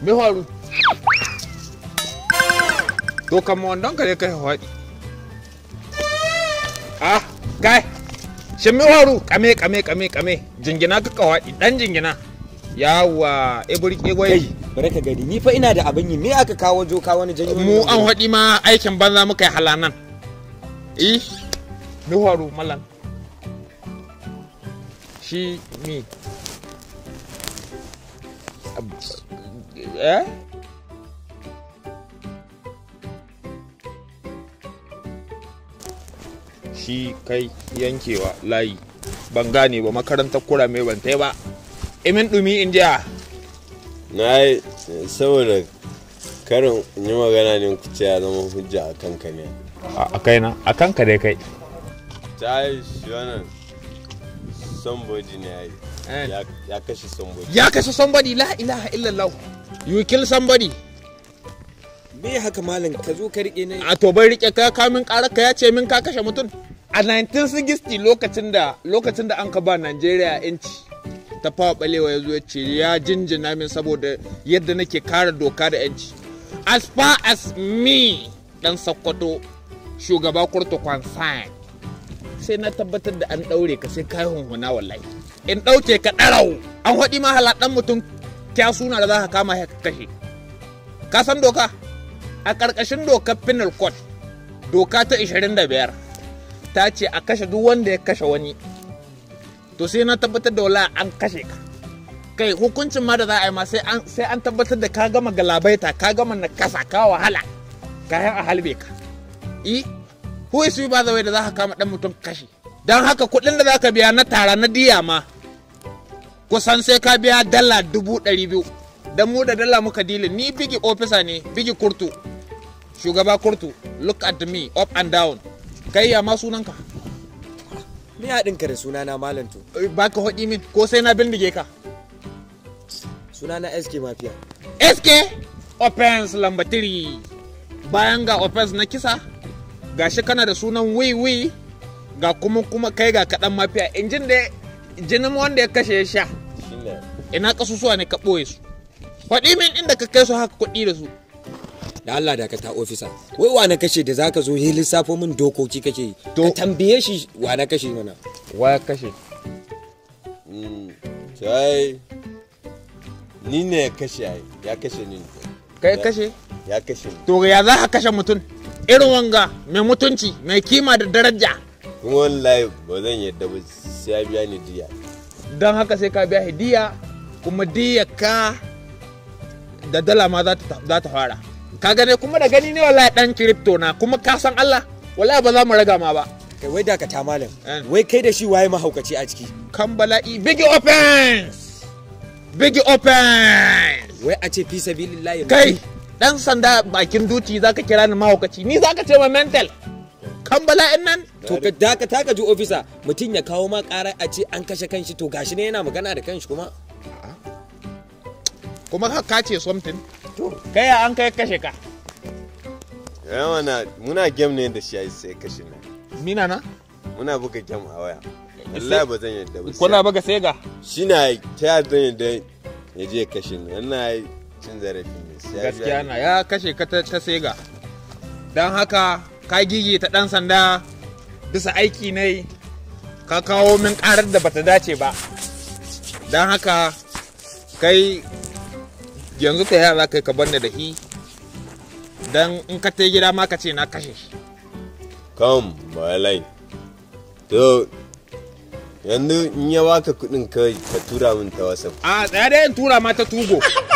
me faru to kama wandon ka ne kai hawaɗi ah kai shin me faru kame kame kame kame jingina ka kawadi, dan jingina yawa eburi kegwaye bare ka gadi ni fa ina da abin yi me aka kawo jo ka wani janyo mu an haɗi ma aikin banza muka yi halanan eh me faru malam shi mi. É? Shi kai yankewa layi. Ban gane ba makarantar kura mai ban tai ba. Imin dumi in jiya. Na yi saboda karin yi magana ne ku ce ya zama hujja a kanka ne. A kaina, a kanka dai kai. Ta yi shi wannan somebody ne ya yi. Eh. ya kashe somebody ya kashe somebody la ilaha illallah you kill somebody me haka malam ka zo ka rike ne a to bai rike ka kamin kara ka ya ce min ka kashe mutum a 1960 lokacin da lokacin da an ka ba Najeriya yanci ta fawa balewa ya ya ce ya jinjina min saboda yadda nake kara doka da yanci as far as me dan sakkwato shugaba kurto kwansan sai na tabbatar da an daure ka sai kai hunhuna wallahi in dauke ka darau an haɗi ma dan mutum kya suna da za ka kama ya kashe ka san doka a ƙarƙashin dokar penal court doka ta 25 ta ce a kashe duk wanda ya kashe wani to sai na tabbatar da wala an kashe ka kai hukuncin ma da za a yi ma sai an tabbatar da ka gama galabaita ka gama nakasa ka wahala kayan a halbe ka i who is you by the way da za ka kama dan mutum kashe don haka kuɗin da za ka biya na tara na diya ma kusan sai ka biya dala dubu ɗari biyu da mu da dala muka dili ni bigi ofisa ne bigi kurtu shugaba kurtu look at me up and down kai ya ma sunanka me ya dinka da sunana malam to eh, ba ka haɗi min ko sai na bindige ka sunana sk mafiya sk offense lamba 3 bayan ga offense na kisa gashi kana da sunan wiwi ga kuma kuma kai ga kaɗan mafiya injin da jinin wanda ya kashe ya sha ina kasusuwa ne ka ɓoye su faɗi min inda ka kai su haka kuɗi da su da Allah da ka ta ofisa wai wa na kashe da zaka zo hili safo min dokoki kake yi ka tambaye shi wa na kashe mana wa ya kashe hmm, sai ni ne ya kashe ya kashe ni kai kashe ya kashe to ya za ka kashe mutum irin wanga mai mutunci mai kima da daraja wallahi ba zan yadda ba sai ya biya ni diya don haka sai ka biya diya kuma diya ka da dala ma za ta fara ka gane kuma da gani ne wallahi dan crypto na kuma ka san Allah wallahi ba za mu raga ma ba kai wai dakata malam eh. wai kai da shi waye mahaukaci a ciki kan bala'i big open big open wai a ce fi sabilillahi kai dan sanda bakin duti zaka kira ni mahaukaci ni zaka ce ma mental kan bala'in nan to ka daka taka ji ofisa mutum ya kawo ma ƙara a ce an kashe kanshi to gashi ne yana magana da kanshi kuma kuma ka ce something to kai an kai kashe ka na muna gem ne da shi ya sai kashe na mina na muna buga gem a waya wallahi ba zan yadda ba kuna buga sega shi na ta zan yadda ya je kashe ni yana cin zarafi ne gaskiya na ya kashe ka ta sega Dan haka ka gigita ɗan sanda bisa aiki ne ka kawo min ƙarar da bata dace ba don haka kai yanzu ta yara kai ka banda da hi don in ka ta gida ma ka ce na kashe shi kam malai to yanzu in ya baka kudin kai ka tura min ta wasa a tsaya da yin tura ma ta tugo